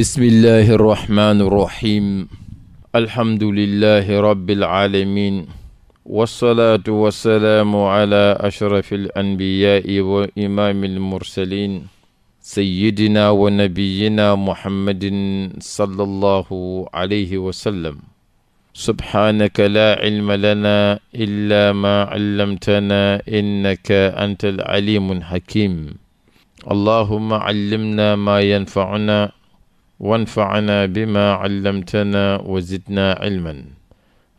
bismillahi irrahmani irrahim alhamdulilahi rabiilalamin walsalaatu wassalaamu ala ashrafi alanbiyaai wa imaami almursalin sayidina wa nabiyina muhammadin sala allahu alayhi wasallam subhaanaka laa cilma lanaa illaa maa callamtanaa innaka anta alcalimu alxakim allahuma callimna maa yanfacunaa wanfaanaa bimaa callamtanaa wa zidnaa cilman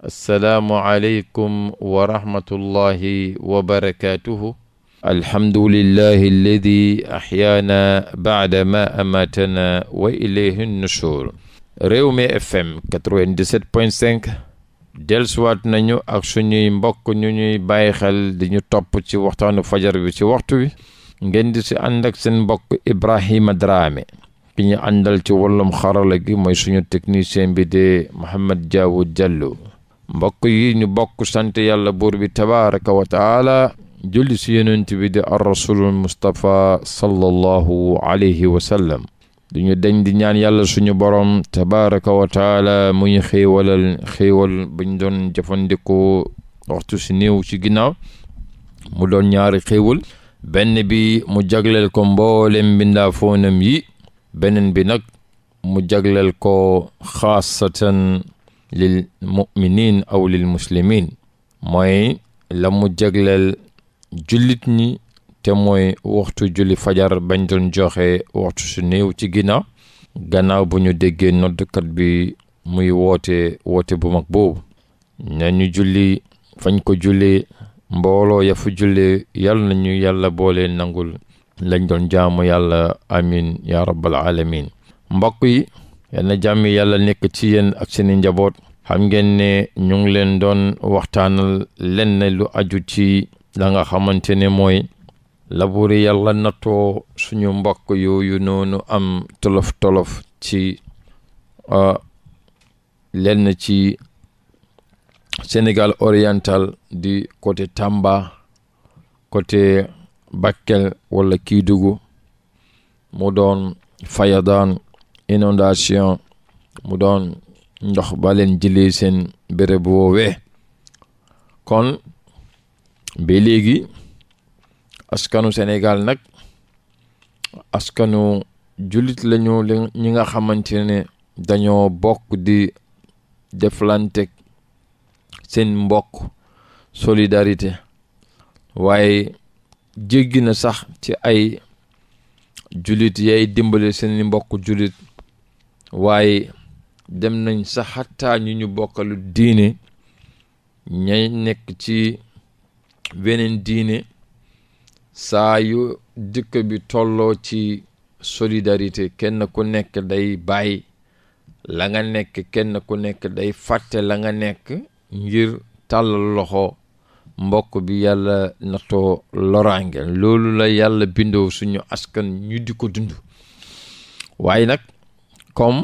assalaamu aleykum wa rahmatullahi wa barakaatuhu alhamdulillahi alladi axyaana bacda ma amaatana wa ilayhi nushur Rewmi FM 97.5 delsuwaat nañu ak suñuy mbokk ñu ñuy bàyyi xel di ñu topp ci waxtaanu fajar bi ci waxtu wi ngeen di si ànd ak seen mbokk Ibrahima Drame bi ñu àndal ci wàllum xarala gi mooy suñu technicien bi de Mohamed Diawo jallo mbokk yi ñu bokk sant yàlla buur bi tabaraka wa taala julli si yonent bi di ar rasulul mustapha sallallahu alayhi wa duñu dañ di ñaan yàlla suñu borom tabaraka wa taala muy xéewalal xéewal bañ doon jëfandikoo waxtu si néew ci ginnaaw mu doon ñaari xéewal benn bi mu jagleel ko mboolem mbindaafoonam yi beneen bi nag mu jagleel ko xaasatan lil muminin aw lil muslimin mooy la mu jagleel jullit ñi te mooy waxtu julli fajar bañ doon joxe waxtu su néew ci ginnaaw gannaaw bu ñu déggee noddkat bi muy woote woote bu mag boobu nañu julli fañ ko jullee mbooloo ya fu jullee yal ñu yàlla boole nangul lañ doon jaamu yàlla amin ya rabbal alamin mbokk yi yal na jàmm yàlla nekk ci yéen ak seeni njaboot xam ngeen ne ñu ngi leen doon waxtaanal lenn lu aju ci la nga xamante ne mooy laburi yàlla nattoo suñu mbokk yooyu noonu am tolof ci lenn ci Sénégal oriental di côté Tamba coté Bakel wala Kédougou mu doon fayadaan inondation mu doon ndox ba leen jëlee seen béréb woowee kon ba léegi askanu Sénégal nag askanu jullit lañu ñi nga xamante ne dañoo bokk di deflante seen mbokk solidarité waaye jéggi na sax ci ay jullit yay dimbale seeni mbokk jullit waaye dem nañ sax xattaa ñu ñu bokkalu diine ñay nekk ci beneen diine saa yu dëkk bi tolloo ci solidarité kenn ku nekk day bàyyi la nga nekk kenn ku nekk day fàtte la nga nekk ngir tàllal loxo mbokk bi yàlla nattoo loraange loolu la yàlla bindoo suñu askan ñu di ko dund waaye nag comme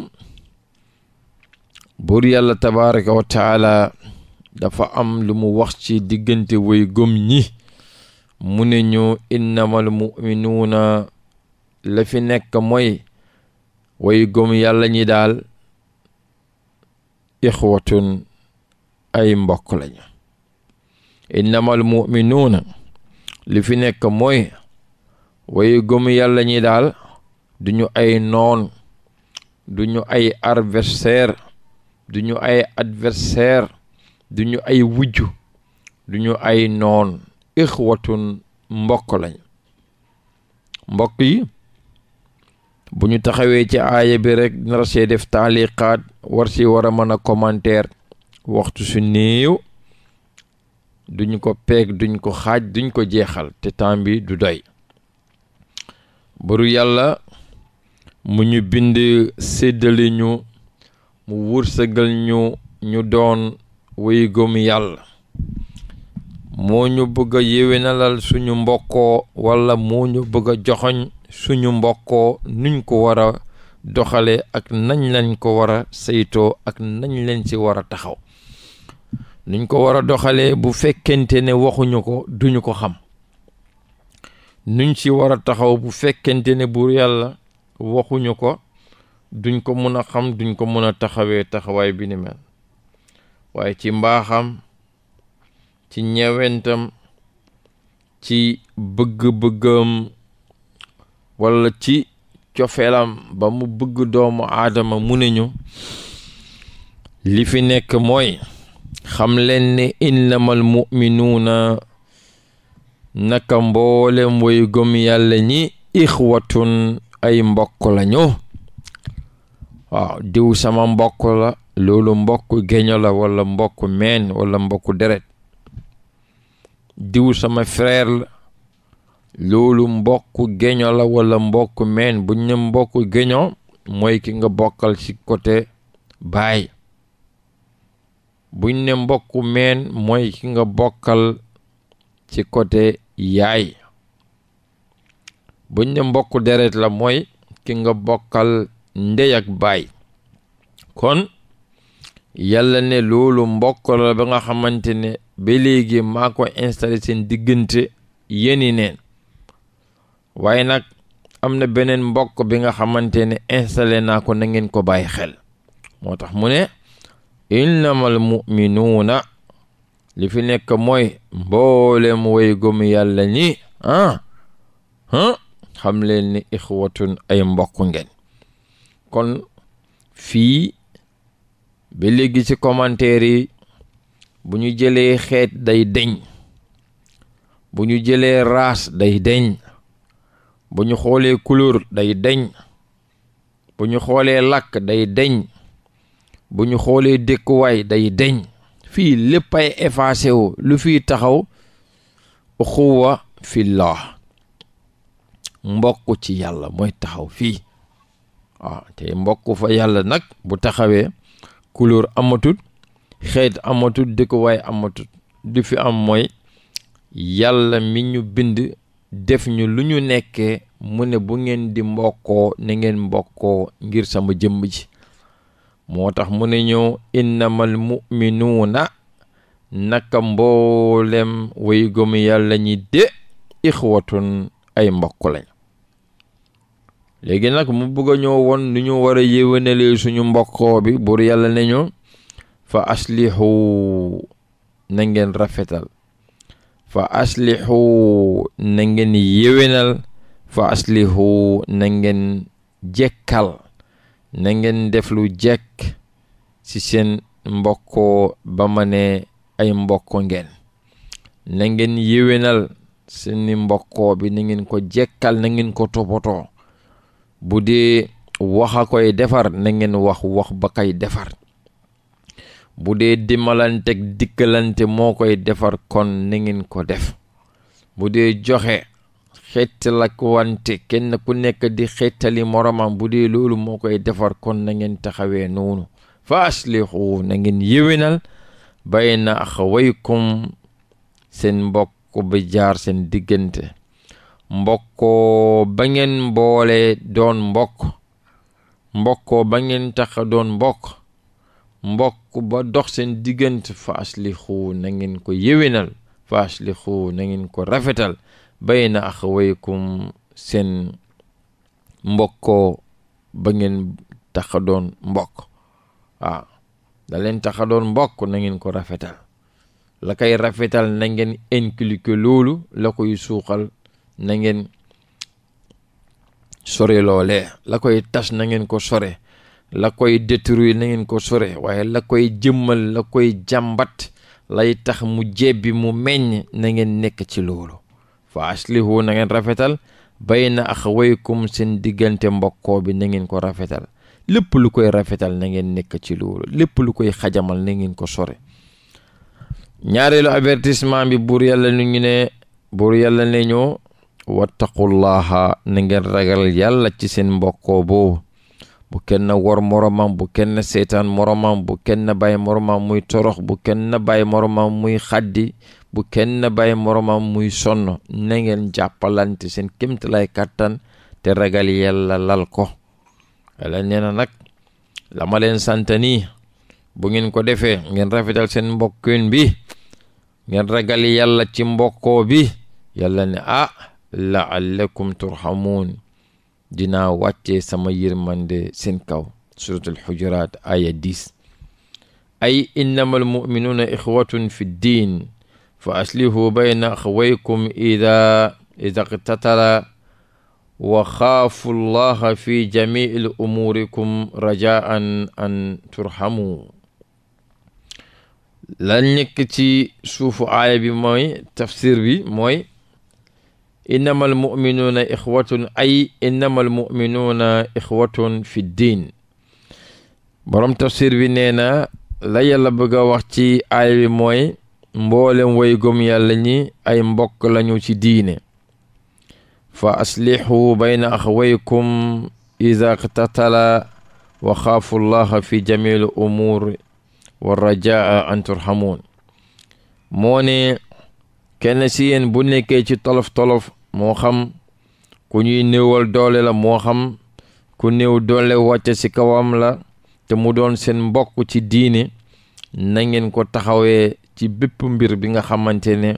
buur yàlla tabaraka wa dafa am lu mu wax ci diggante way gëm ñi mu ne ñu innamal muminuuna la fi nekk mooy way gëm yàlla ñi daal ixwatun ay mbokk lañu innamal muminuuna li fi nekk mooy way gëm yàlla ñi daal du ñu ay noon du ñu ay adversaire du ñu ay adversaire du ñu ay wujj du ñu ay noon ixwatun mbokk lañ mbokk yi bu ñu taxawee ci aaya bi rek nar def taaliqaat war ci war a mën a commentaire waxtu su néew duñ ko peeg duñ ko xaaj duñ ko jeexal te temps bi du doy baru yàlla mu ñu bind séddale ñu mu wërsëgal ñu ñu doon way gëm yàlla moo ñu bëgg a yéwénalal suñu mbokkoo walla moo ñu bëgg a joxoñ suñu mbokkoo nuñ ko war a doxale ak nañ lañ ko war a saytoo ak nañu leen ci war a taxaw nuñ ko war a doxalee bu fekkente ne waxuñu ko duñu ko xam nuñ ci war a taxaw bu fekkente ne buur yàlla waxuñu ko duñ ko mën a xam duñ ko mën a taxawee taxawaay bi ni mel waaye ci mbaaxam ci ñewentam ci bëgg-bëggam walla ci cofeelam ba mu bëgg doomu aadama mu ne ñu li fi nekk mooy xam leen ne innamal muminuuna naka mboolem way gëm yàlla ñi ixwatun ay mbokk lañu waaw diw sama mbokk la loolu mbokk géño la wala mbokk meen wala mbokk deret diw sama frère la loolu mbokk géño la wala mbokk meen buñ ne mbokk géño mooy ki nga bokkal ci côté baay buñ ne mbokku meen mooy ki nga bokkal ci côté yaay buñ ne mbokku deret la mooy ki nga bokkal ndey ak baay kon yàlla ne loolu mbokk la ba nga xamante ne ba léegi maa ko installé seen diggante yéeni neen waaye nag am na beneen mbokk bi nga xamante ne installé naa ko na ngeen ko bàyyi xel moo tax mu ne innamal muminuuna li fi nekk mooy mboolem way gëm yàlla ni ah, ah xam leen ni ixwatun ay mbokk ngeen kon fii bi léegi ci commentaire yi bu ñu jëlee xeet day deñ bu ñu jëlee raas day deñ bu ñu xoolee couleur day deñ bu ñu xoolee làkk day deñ bu ñu xoolee dëkkuwaay day deñ fii lépp ay effacé wu lu fiy taxaw uxuwa fillah mbokk ci yàlla mooy taxaw fii waaw mbokk fa yàlla nag bu taxawee couleur amatut xeet amatut dëkkuwaay amatut du fi am mooy yàlla mi ñu bind def ñu lu ñu nekkee mu ne bu ngeen di mbokkoo na ngeen mbokkoo ngir sama jëmm ji moo tax mu ne ñëw innamal muminuuna naka mboolem way gëm yàlla ñi de ixwatun ay mbokk lañ léegi nag mu bëgg a ñoo won nu ñu war a yéwénalee suñu mbokkoo bi buur yàlla ne ñu fa aslixu na ngeen rafetal fa aslihu na ngeen yéwénal fa aslihu na ngeen jekkal na ngeen def lu jekk ci seen mbokkoo ba ma ne ay mbokko ngeen na ngeen yéwénal seeni mbokkoo bi na ngeen ko jekkal na ngeen ko toppatoo bu dee wax a koy defar na ngeen wax wax ba koy defar bu dee dimbalante ak dikkalante moo koy defar kon na ngeen ko def bu dee joxe xettalak wante kenn ku nekk di xettali moromam bu dee loolu moo koy defar kon na ngeen taxawee noonu fa aslihu na ngeen yéwénal bayna seen mbokk ba jaar seen diggante mbokkoo ba ngeen mboole doon mbokk mbokkoo ba ngeen tax doon mbokk mbokk ba dox seen diggante fa aslihu na ngeen ko yéwénal fa aslihu na ngeen ko rafetal bayna axawaykum seen mbokkoo ba ngeen taxa doon mbokk waaw da leen taxa doon mbokk na ngeen ko rafetal la koy rafetal na ngeen inculquer loolu la koy suuxal na ngeen sore loolee la koy tas na ngeen ko sore la koy détruire na ngeen ko sore waaye la koy jëmmal la koy jàmbat lay tax mu jebbi mu meññ na ngeen nekk ci loolu waa fa aslihu na ngeen rafetal bayna axawaykum seen diggante mbokkoo bi na ngeen ko rafetal lépp lu koy rafetal na ngeen nekk ci loolu lépp lu koy xajamal na ngeen ko sore ñaareelu avertissement bi buur yàlla nu ñu ne buur yàlla ne ñoo wattaqullaha na ngeen ragal yàlla ci seen mbokkoo boobu bu kenn wor moroomam bu kenn seetaan moromam bu kenn bàyyi moromam muy torox bu kenn bàyyi moroomam muy xaddi bu kenn bàyyi moroomam muy sonn na ngeen jàppalante seen kémtalay kàttan te ragal yàlla lal ko yàlla nee na nag lama leen sant ni bu ngeen ko defee ngeen rafetal seen mbokkin bi ngeen ragal yàlla ci mbokkoo bi yàlla ne ah laallakum turhamuun dinaa wàccee sama yërmande seen kaw suratul xujuraat aya 10 ay innamal muminuuna ixwatun fi diin fa aslihu bayna axawaykum ida ida qtatala wa xaafu llaha fi jamiil umuurikum rajaan an turhamu lan nekk ci suufu aaya bi mooy tafsir bi mooy innama almuminuuna ixwatun ay innama almuminuuna ixwatun fi diin borom tafsir bi nee na la yàlla bëgg a wax ci aaya bi mooy mboolem way yàlla ñi ay mbokk lañu ci diine fa aslihu bayna axawaykum ida qtatala wa xaafu llaha fi jamil umuur wa rajaa an turhamuun moo ne kenn si yéen bu nekkee ci tolof-tolof moo xam ku ñuy néewal doole la moo xam ku néew doole wàcce ci kawam la te mu doon seen mbokk ci diine na ko taxawee ci bépp mbir bi nga xamante ne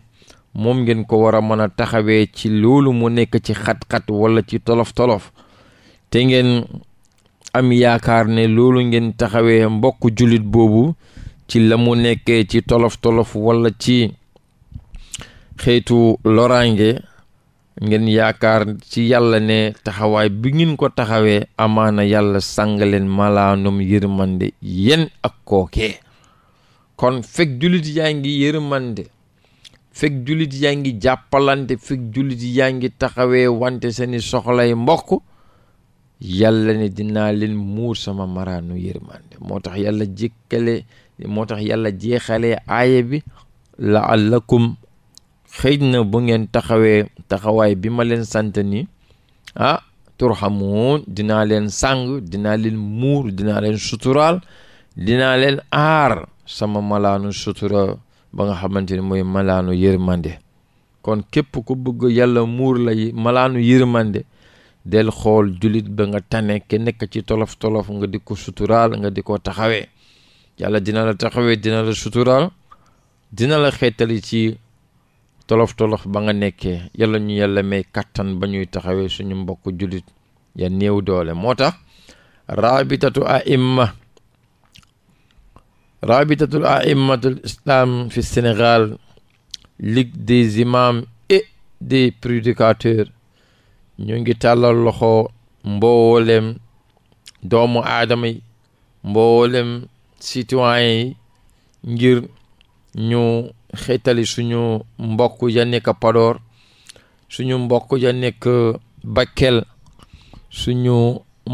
moom ngeen ko war a mën a taxawee ci loolu mu nekk ci xat-xat wala ci tolof-tolof te ngeen am yaakaar ne loolu ngeen taxawee mbokk jullit boobu ci la mu nekkee ci tolof-tolof wala ci xeetu loraange ngeen yaakaar ci yàlla ne taxawaay bi ngeen ko taxawee amaana yàlla sàngaleen malaanum yërmande yéen ak kookee kon fekk jullit yaa ngi yërëmande fekk jullit yaa ngi jàppalante fekk jullit yaa ngi taxawee wante seeni soxlay mbokk yàlla ne dina leen muur sama maraanu yërmande moo tax yàlla jëkkale moo tax yàlla jeexalee aaya bi la allakum xëy na bu ngeen taxawee taxawaay bi ma leen sant ni ah turhamuun dinaa leen sàng dinaa leen muur dinaa leen suturaal dinaa leen aar sama malaanu sutura ba nga xamante ni mooy malaanu yërmande kon képp ku bëgg yàlla muur la malaanu yërmande del xool julit ba nga tane ke nekk ci tolof tolof nga di ko suturaal nga di ko taxawee yàlla dina la taxawee dina la suturaal dina la xeetali ci tolof tolof ba nga nekkee yàlla ñu yàlla may kàttan ba ñuy taxawee suñu mbokk julit ya néew doole moo tax raabitatu a imma rabitatul aimmatul islam fi Sénégal ligue des imams et des prédicateurs ñu ngi tàllal loxo mboolem doomu aadama yi mboolem citoyen yi ngir ñu xeetali suñu mbokk ya nekk Podor suñu mbokk ya nekk Bakel suñu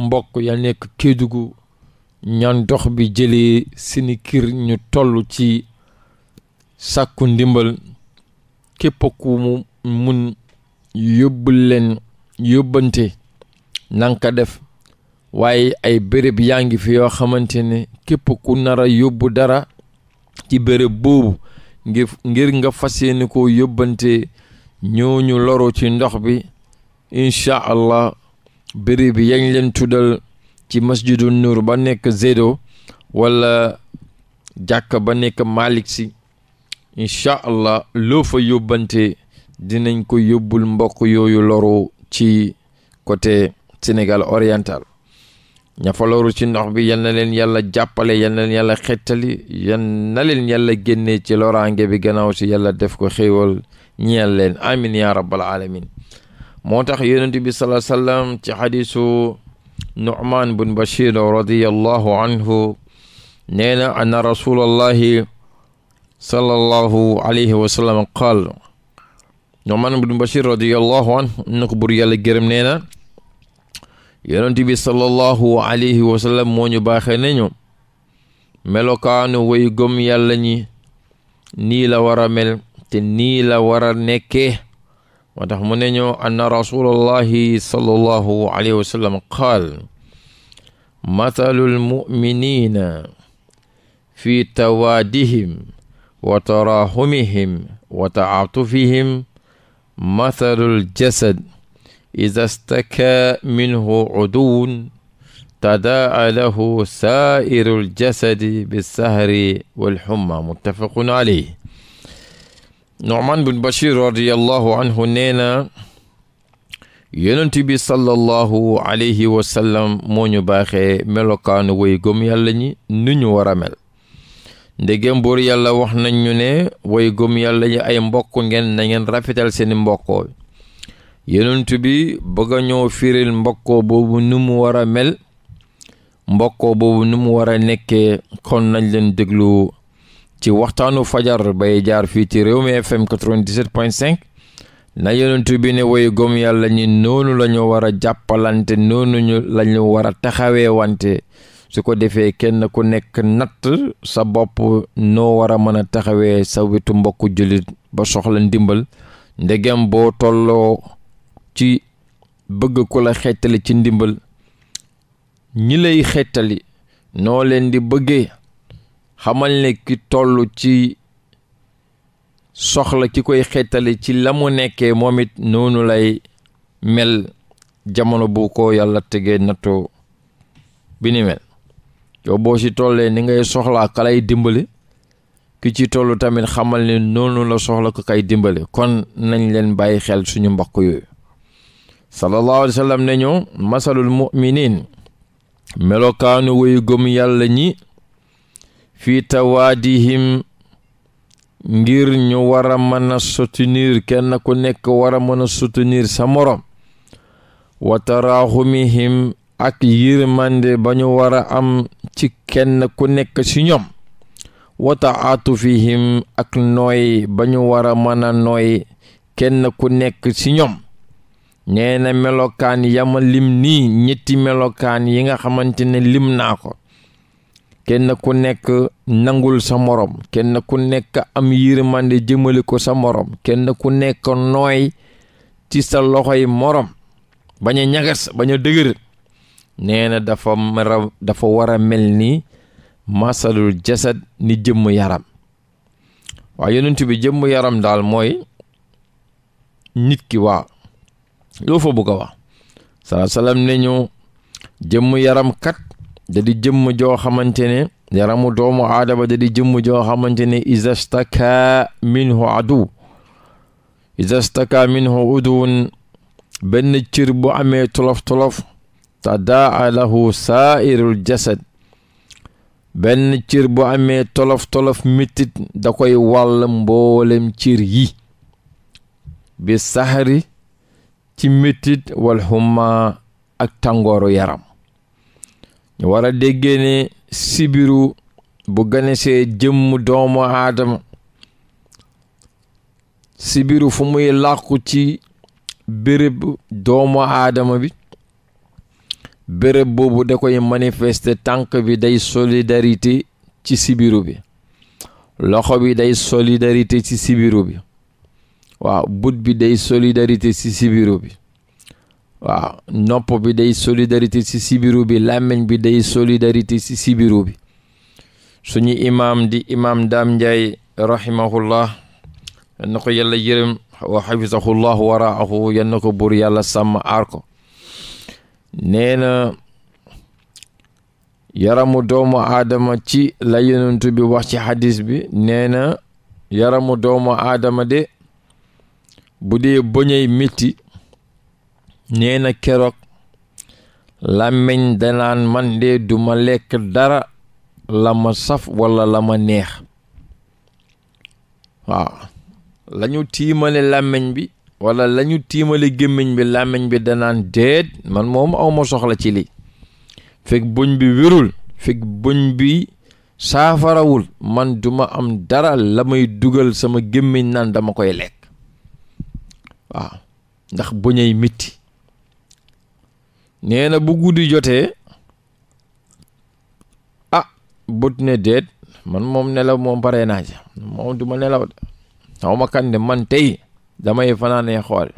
mbokk ya nekk Kédougou ñoon dox bi jëlee seeni kir ñu toll ci sàkku ndimbal képp ku mu mun yóbbul leen yóbbante nanka def waaye ay béréb yaa ngi fi yoo xamante ne képp ku nar a yóbbu dara ci béréb boobu ngir nga fas yéene ko yóbbante ñooñu loro ci ndox bi incha allah béréb yañ leen tuddal ci masjidul nuur ba nekk Zedo wala jàkk ba nekk Malick si incha allah loofa fa yóbbante dinañ ko yóbbul mbokk yooyu loru ci côté Sénégal oriental ña loru ci ndox bi yal leen yàlla jàppale yal leen yàlla xettali yal na leen yàlla génne ci loraange bi gannaaw si yàlla def ko xéewal ñeel leen amin ya rabbal alamin moo tax yonent bi salaa ci xadisu nu'man bun bashir radiallahu anhu nee na anna rasulallahi sallallahu alayhi wa qaal nu'man bun bashir radiallahu anhu na ko buur yàlla gërëm nee na yonent bi sallallahu alayhi wa sallam moo ñu baaxee nañu way gëm yàlla ñi nii la war a mel te nii la war a nekkee moo tax mu ne ñoo anna rasulallahi sallallahu alayhi wa sallam qaal mathalul muminina fi tawaadihim wa tarahumihim wa taatufihim mathalul jasad ida staka minhu uduwun tadaa lahu saa'irul jasadi bisahri walxumma muttafaqun alayh Nu'man bin Bashir radiyallahu anhu nee na yonent bi sallallahu alayhi wa moo ñu baaxee melokaanu way gëm yàlla ñi nu ñu war a mel ndegem buur yàlla wax nañ ñu ne way gëm yàlla ñi ay mbokk ngeen na ngeen rafetal seeni mbokkoo yonent bi bëgg a ñoo firil mbokkoo boobu nu mu war a mel mbokkoo boobu nu mu war a nekkee kon nañ leen déglu ci waxtaanu fajar bay jaar fii ci réew mi fm 97.5 na yonent bi ne woy gom yàlla ñi noonu la ñu war a jàppalante noonu ñu la war a taxawee wante su ko defee kenn ku nekk natt sa bopp noo war a mën a taxawee sa wetu mbokku jullit ba soxla ndimbal ndegem boo tolloo ci bëgg ku la xettali ci ndimbal ñi lay xettali noo leen di bëggee xamal ne ki toll ci soxla ki koy xeetali ci la nekke nekkee moom it noonu lay mel jamono bu ko yàlla tegee nattoo bi ni mel ci tollee ni ngay soxlaa ka dimbali ki ci toll tamit xamal ne noonu la soxla ko kay dimbali kon nañ leen bàyyi xel suñu mbokk yooyu sallallahu sallam ne ñu masalul muminin melokaanu woyu gëm yàlla ñi fii tawaadihim ngir ñu war a mën a soutenir kenn ku nekk war a mën a soutenir sa morom wa tarahumihim ak yërmande ba ñu war a am ci kenn ku nekk ci ñoom wa taatufihim ak nooy ba ñu war a mën a noy kenn ku nekk ci ñoom nee na melokaan yam lim nii ñetti melokaan yi nga xamante ne lim naa ko kenn ku nekk nangul sa moroom kenn ku nekk am yërmande jëmale ko sa moroom kenn ku nekk nooy ci sa loxoy moroom bañ a ñagas bañ a dëgër nee na dafa mara dafa war a mel ni masalul jasad ni jëmm yaram waaye yonent bi jëmm yaram daal mooy nit ki waa loo fa bëgg a salaasalaam ne ñu jëmm yaram kat da di jëmm joo xamante ne yaramu doomu aadama da di jëmm joo xamante ne izastaka minhu adu izastaka minhu uduwun benn cir bu amee tolof-tolof tadaa lahu saairul jasad benn cir bu amee tolof-tolof mitit da koy wàll mboolem cir yi bi saxari ci mitit wal xuma ak tàngooru yaram ñu war a déggee ne sibiru bu ganesee jëmm doomu aadama sibiru fu muy làqu ci béréb doomu aadama bi béréb boobu da koy manifester tànk bi day solidarité ci sibiru bi loxo bi day solidarité ci sibiru bi waaw but bi day solidarité ci sibiru bi waaw bi day solidarité ci sibiru bi làmmiñ bi day solidarité ci sibiru bi suñu imam di imaam Dame Ndiaye rahimahullah yan ko yàlla yërëm wa xafisahullah waraahu yan ko buur yàlla sàmm aar ko yaramu doomu aadama ci la bi wax ci hadis bi nee na yaramu doomu aadama de bu dee bëñay métti nee na keroog làmmiñ danaan man de du lekk dara la ma saf walla la ma neex waaw lañu tiimale làmmiñ bi walla lañu tiimale gémmiñ bi làmmiñ bi danaan déet man moom awma soxla ci lii fekk buñ bi wérul fekk buñ bi saafarawul man duma am dara la may dugal sama gémmiñ naan dama koy lekk waaw ndax buñay mitti nee na bu guddi jotee ah bët ne déet man moom nelaw moom pare naa ci moom du ma nelaw de xaw ma kan de man tey damay fanaanee xool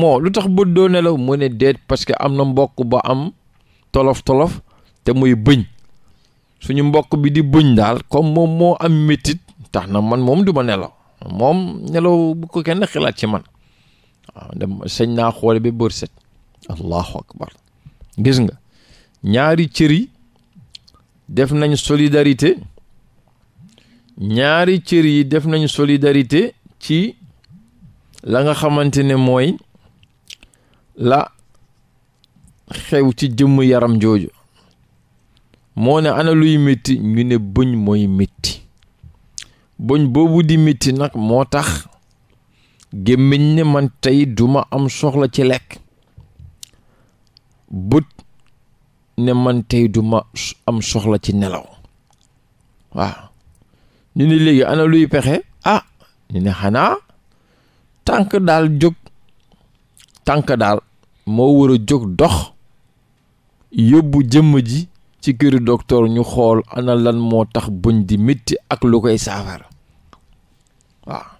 moo lu tax bët doo nelaw mu ne déet parce que am na mbokk ba am tolof tolof te muy bëñ suñu mbokk bi di bëñ daal comme moom moo am métit tax na man moom du ma nelaw moom nelaw bu ko kenn xalaat ci man waaw dem sëñ naa xool bi bër set allahu akbar gis nga ñaari cër yi def nañ solidarité ñaari cër yi def nañ solidarité ci la nga xamante ne mooy la xew ci jëmm yaram jooju moo ne ana luy ñu ne bëñ mooy métti bëñ boobu di métti nag moo tax gémmiñ ne man tey duma am soxla ci lekk but ne man tey du am soxla ci nelaw waaw ñu ne léegi ana luy pexe a ah, ñu ne xanaa tànk daal jóg tànk daal moo war a jóg dox yóbbu jëmm ji ci këru docteur ñu xool ana lan moo tax buñ di mitti ak lu koy saafara waaw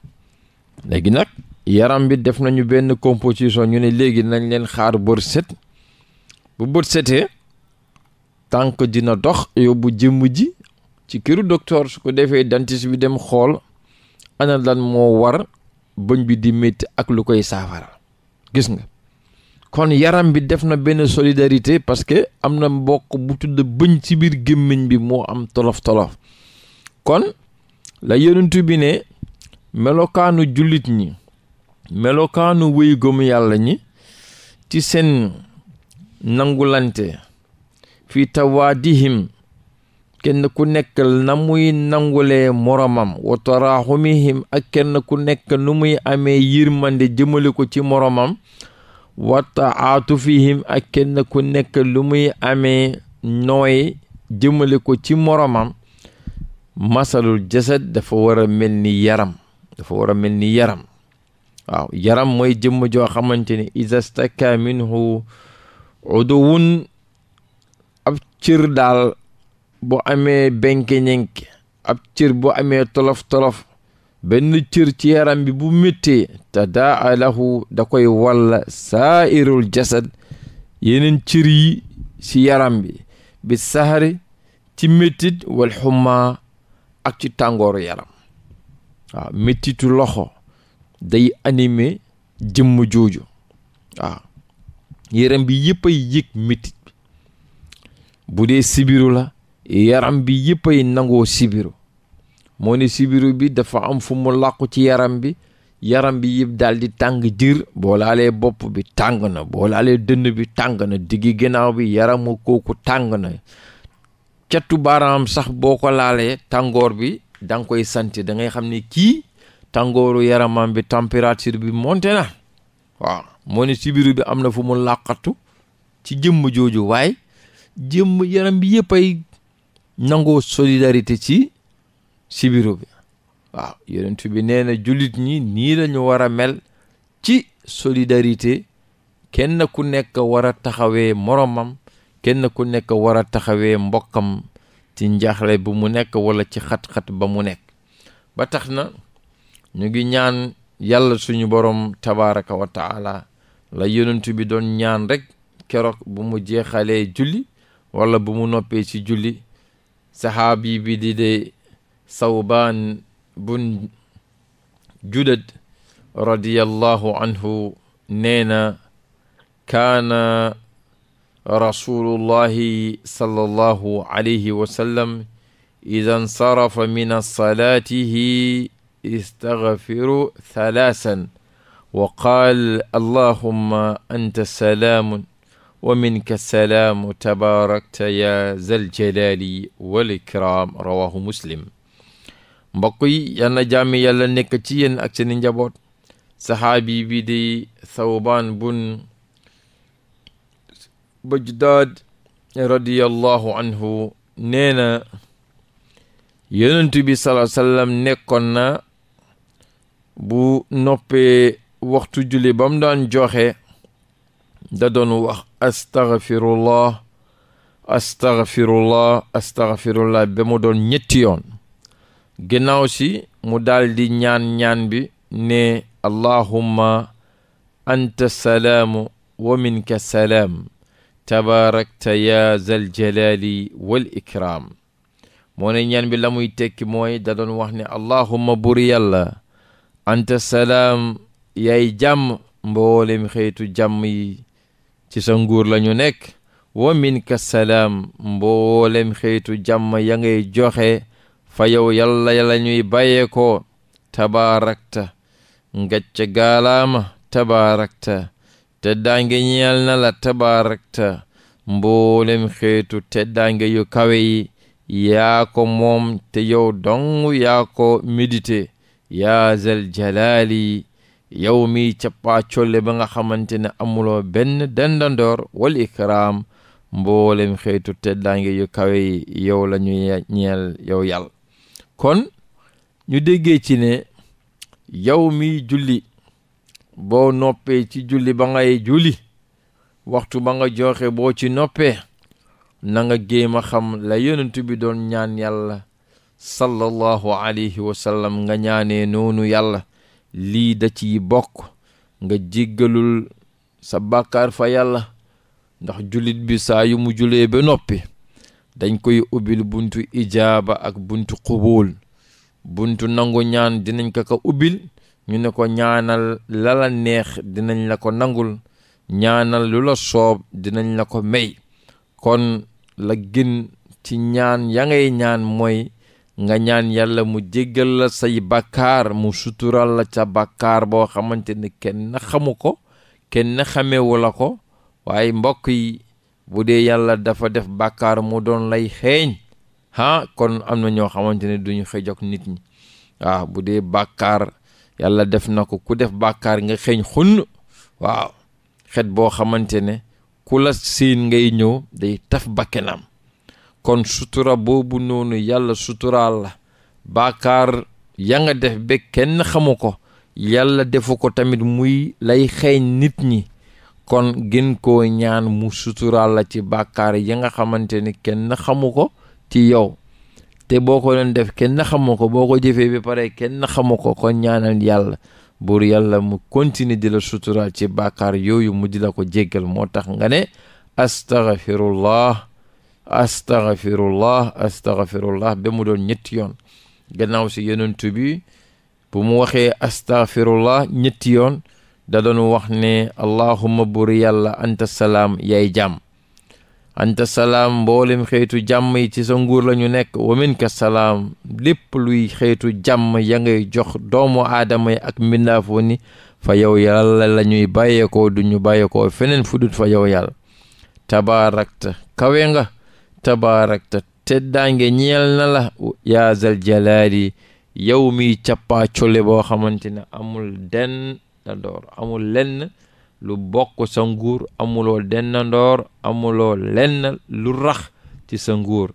léegi nag yaram bi def nañu benn composition ñu ne léegi nañ leen xaar bër set bu bët setee tànk dina dox yóbbu jëmm ji ci këru docteur su ko defee dentiste bi dem xool ana lan moo war bëñ bi di métti ak lu koy saafara gis nga kon yaram bi def na benn solidarité parce que am na mbokk bu tudd bëñ ci biir gémmiñ bi moo am tolof tolof kon la yonent bi ne melokaanu jullit ñi melokaanu wéy gëm yàlla ñi ci seen nangulante fi tawaadihim kenn ku nekk nangule muy nangulee moromam wa taraaxumihim ak kenn ku nekk nu muy amee yirmande jëmale ko ci moromam wa taatufihim ak kenn ku nekk lu muy amee nooy jëmale ko ci moromam masalul jasad dafa war a mel ni yaram dafa war a mel ni yaram waaw yaram mooy jëmm joo xamante ni izastaka minhu uduwun ab cër daal bu amee benke-ñenke ab cër bu amee tolof-tolof benn cër ci yaram bi bu méttee tadaa lahu da koy walla saairul jasad yeneen cër yi ci yaram bi bi saxari ci méttit wal xumma ak ci tàngooru yaram waaw loxo day animé jëmm juuju waaw yaram bi yëpp ay yëg métit bu dee sibiru la yaram bi yëpp ay nangoo sibiru moo ne sibiru bi dafa am fu mu làqu ci yaram bi yaram bi yëpp daal di tàng jir boo laalee bopp bi tàng na boo laalee dënn bi tàng na diggi ginnaaw bi yaramu kooku tàng na catu baaraam sax boo ko laalee tàngoor bi da koy sant da ngay xam ni kii tàngooru yaramam bi température bi monte waaw moo ne sibiru bi am na fu mu làqatu ci jëmm jooju waaye jëmm yaram bi yëpp ay nangoo solidarité ci sibiru bi waaw yonent bi nee na jullit ñi nii lañu war a mel ci solidarité kenn ku nekk war a taxawee moromam kenn ku nekk war a taxawee mbokkam ci njaxle bu mu nekk wala ci xat-xat ba mu nekk ba tax na ñu ngi ñaan yàlla suñu borom tabaraka wa taala la yonent bi doon ñaan rek keroog bu mu jeexalee julli wala bu mu noppee ci julli saxaabi bi di de sawbaan bun judad radiyallahu anhu nee na kaana rasulullahi sallallahu alayhi wa sallam ida nsarafa min salaatihi istaghfiru thalaasan wa qaal allahumma anta salaamun wa minka salaamu tabaarakta ya zal jalaali wal ikraam rawahu muslim mbokk yi yal na jàmmi yàlla nekk ci yéen ak seeni njaboot saxaabi bi di thawbaan bun bajdaad radiyallahu anhu nee na yonent bi salaa sallam nekkoon na bu noppee waxtu julli ba mu daan joxe dadoon wax astaghfirullah astaghfirullah astaghfirullah mu doon ñetti yoon ginnaaw si mu daldi ñaan ñaan bi ne allahumma anta salaamu wa minka salaam tabaarakta ya zal jalaali wal ikraam moo ñaan bi la muy tekki mooy da wax ne allahumma buri yàlla anta salaam yaay jàmm mboolem xeetu jàmm yi ci sa nguur la ñu nekk wa minka salaam mboolem xeetu jàmm ya ngay joxe fa yow yàlla la ñuy bàyyeekoo tabaarakta ngàcc gaalaama tabaarakta teddaange ñeel na la tabaarakta mboolem xeetu teddaange yu kawe yi yaa ko moom te yow dong yaa ko médité yaa jalaali yow mi cappaacolle ba nga xamante ne amuloo benn dendandoor wal ikraam mboolem xeetu teddaange yu kawe yi yow la ñu ñeel yow yàlla kon ñu déggee ci ne yow mi julli boo noppee ci julli ba ngay julli waxtu ba nga joxe boo ci noppee nanga nga a xam la yonent bi doon ñaan yàlla sallallahu alayhi wa sallam nga ñaanee noonu yàlla lii da ciy bokk nga jéggalul sa bàkkaar fa yàlla ndax jullit bi saa yu mu julee ba noppi dañ koy ubbil buntu ijaaba ak buntu xubul buntu nangu ñaan dinañ ko ko ubbil ñu ne ko ñaanal lala neex dinañ la ko nangul ñaanal lu la soob dinañ la ko may kon la gën ci ñaan ya ngay ñaan mooy nga ñaan yàlla mu jéggal la say bàkkaar mu sutural la ca bàkkaar boo xamante ne kenn xamu ko kenn xamewu la ko waaye mbokk yi bu dee yàlla dafa def bàkkaar mu doon lay xeeñ ah kon am na ñoo xamante ne duñu xëjog nit ñi waaw bu dee bàkkaar yàlla def na ko ku def bàkkaar nga xeeñ xunn waaw xet boo xamante ne ku la siin ngay ñëw day taf bakkenam kon sutura boobu noonu yàlla suturaal la baakaar ya nga def ba kenn xamu ko yàlla defu ko tamit muy lay xeeñ nit ñi kon gën koo ñaan mu suturaal la ci baakaar ya nga xamante ni kenn xamu ko ci yow te boo ko doon def kenn xamu ko boo ko jëfee ba pare kenn xamu ko kon ñaanal yàlla buur yàlla mu continuer di la suturaal ci baakaar yooyu mu di la ko jéggal moo tax nga ne astaghfirullah astaghfirullah astaghfirullah ba mu doon ñetti yoon gannaaw si yonent bi bu mu waxee astaghfirullah ñetti yoon da doon wax ne allahumma buri yàlla anta salaam yaay jàmm anta salaam mboolem xeetu jàmm yi ci sa nguur la ñu nekk wa salaam lépp luy xeetu jàmm ya ngay jox doomu aadama yi ak mbindaafoo ni fa yow yàlla lañuy ñuy bàyyeekoo du ñu bàyyeekoo feneen fu dut fa yow yàlla tabaarakta kawe nga tabarakta teddaange ñeel na la yaa zal jalaali yow miy cappaa cole boo xamante ne amul denn amul lenn lu bokk sa nguur amuloo denn ndoor amuloo lenn lu rax ci sa nguur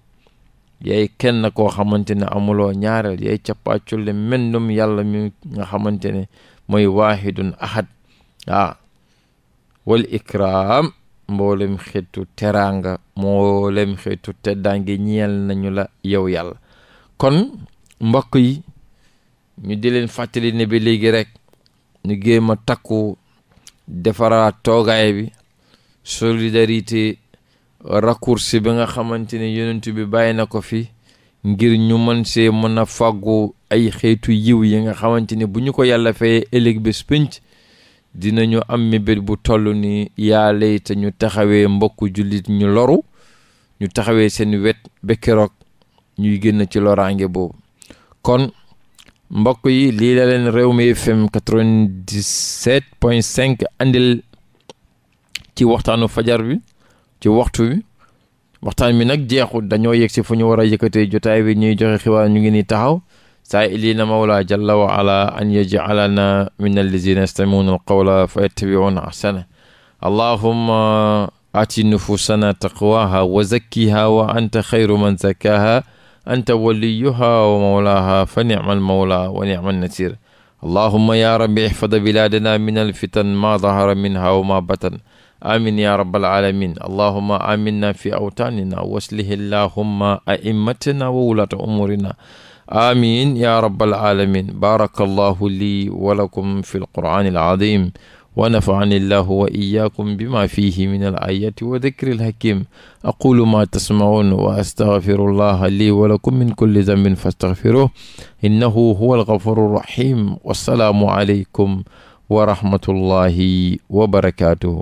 yay kenn ko xamante ne amuloo ñaareel yay cappaa cole mendum yàlla mi nga xamante ne mooy waahidun ahad ah wal ikraam mboolem xeetu teraanga mboolem xeetu teddaange ñeel nañu la yow yàlla kon mbokk yi ñu di leen fàttali ne bi léegi rek ñu géem a takku defaraat toogaay bi solidarité raccourci bi nga xamante ne yonent bi bàyyi na ko fi ngir ñu mën see mën a fàggu ay xeetu yiw yi nga xamante ne bu ñu ko yàlla fayee ëllëg bés pénc dinañu am mébét bu toll ni yaa layta ñu taxawee mbokk jullit ñu loru ñu taxawee seen wet ba keroog ñuy génn ci loraange boobu kon mbokk yi lii la leen Rewmi FM 97.5 andil ci waxtaanu fajar bi ci waxtu wi waxtaan bi nag jeexul dañoo yegg si fu ñu war a yëkkatee jotaay bi ñuy joxe xibaar ñu ngi ni taxaw saa'iliina mawla jalla wa ala an yaj'alana min allazina yastami'una alqawla fa yattabi'una ahsana allahumma ati nufusana taqwaha wa zakkiha wa anta xayru man zakkaha anta waliyuha wa mawlaha fa nicma almawla wa nicma annasir allahumma ya rabbi ihfad biladana min alfitan ma dahara minha wa ma batan amin ya rabbal alamin allahumma aminna fi awtanina waslih allahumma a'immatina wa wulata umurina amiin ya rabbal aalamiin baarakallahu lii wa lakum fi lqur'aani alcaziim wa nafaani llahu wa iyyaakum bimaa fiihi min alaayaati wa dikri alhakiim aquulu maa tasmacuun wa astaghfirullaha lii wa lakum min kulli dambin fastaghfiruhu innahu huwa algafuuru alrahiim wassalaamu aleykum wa rahmatullahi wa barakaatuhu